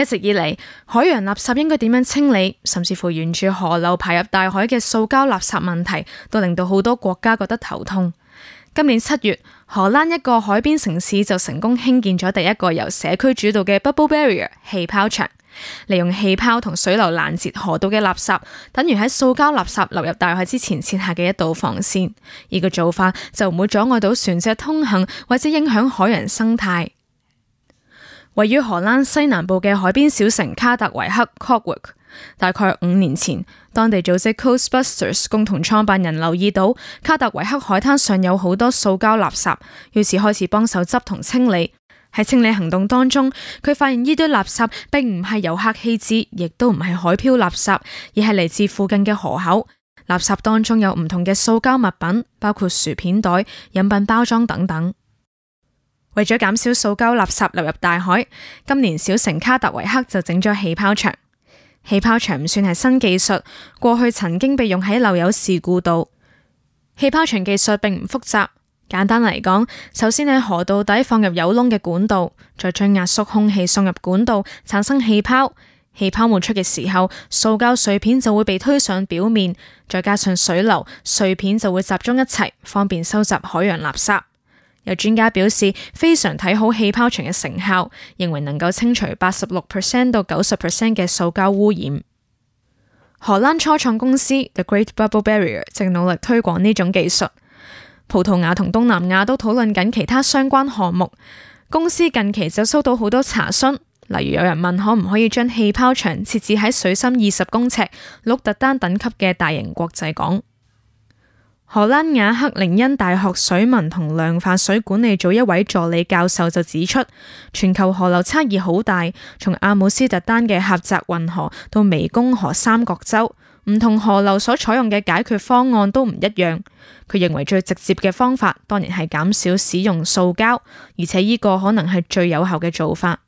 一直以嚟，海洋垃圾應該點樣清理，甚至乎沿住河流排入大海嘅塑膠垃圾問題，都令到好多國家覺得頭痛。今年七月，荷蘭一個海邊城市就成功興建咗第一個由社區主導嘅 bubble barrier 氣泡牆，利用氣泡同水流攔截河道嘅垃圾，等於喺塑膠垃圾流入大海之前設下嘅一道防線。呢個做法就唔會阻礙到船隻通行，或者影響海洋生態。位於荷蘭西南部嘅海邊小城卡特維克 Katwijk，大概五年前，當地組織 Coastbusters 共同創辦人留意到卡特維克海灘上有好多塑膠垃圾，於是開始幫手執同清理。喺清理行動當中，佢發現呢堆垃圾並唔係遊客棄置，亦都唔係海漂垃圾，而係嚟自附近嘅河口。垃圾當中有唔同嘅塑膠物品，包括薯片袋、飲品包裝等等。為咗減少塑膠垃圾流入大海，今年小城卡特維克就整咗氣泡牆。氣泡牆唔算係新技術，過去曾經被用喺漏油事故度。氣泡牆技術並唔複雜，簡單嚟講，首先喺河道底放入有窿嘅管道，再將壓縮空氣送入管道，產生氣泡。氣泡冒出嘅時候，塑膠碎片就會被推上表面，再加上水流，碎片就會集中一齊，方便收集海洋垃圾。有專家表示非常睇好氣泡牆嘅成效，認為能夠清除八十六 percent 到九十 percent 嘅塑膠污染。荷蘭初創公司 The Great Bubble Barrier 正努力推廣呢種技術。葡萄牙同東南亞都討論緊其他相關項目。公司近期就收到好多查詢，例如有人問可唔可以將氣泡牆設置喺水深二十公尺、鹿特丹等級嘅大型國際港。荷蘭雅克寧恩大學水文同量化水管理組一位助理教授就指出，全球河流差異好大，從阿姆斯特丹嘅狹窄運河到湄公河三角洲，唔同河流所採用嘅解決方案都唔一樣。佢認為最直接嘅方法，當然係減少使用塑膠，而且呢個可能係最有效嘅做法。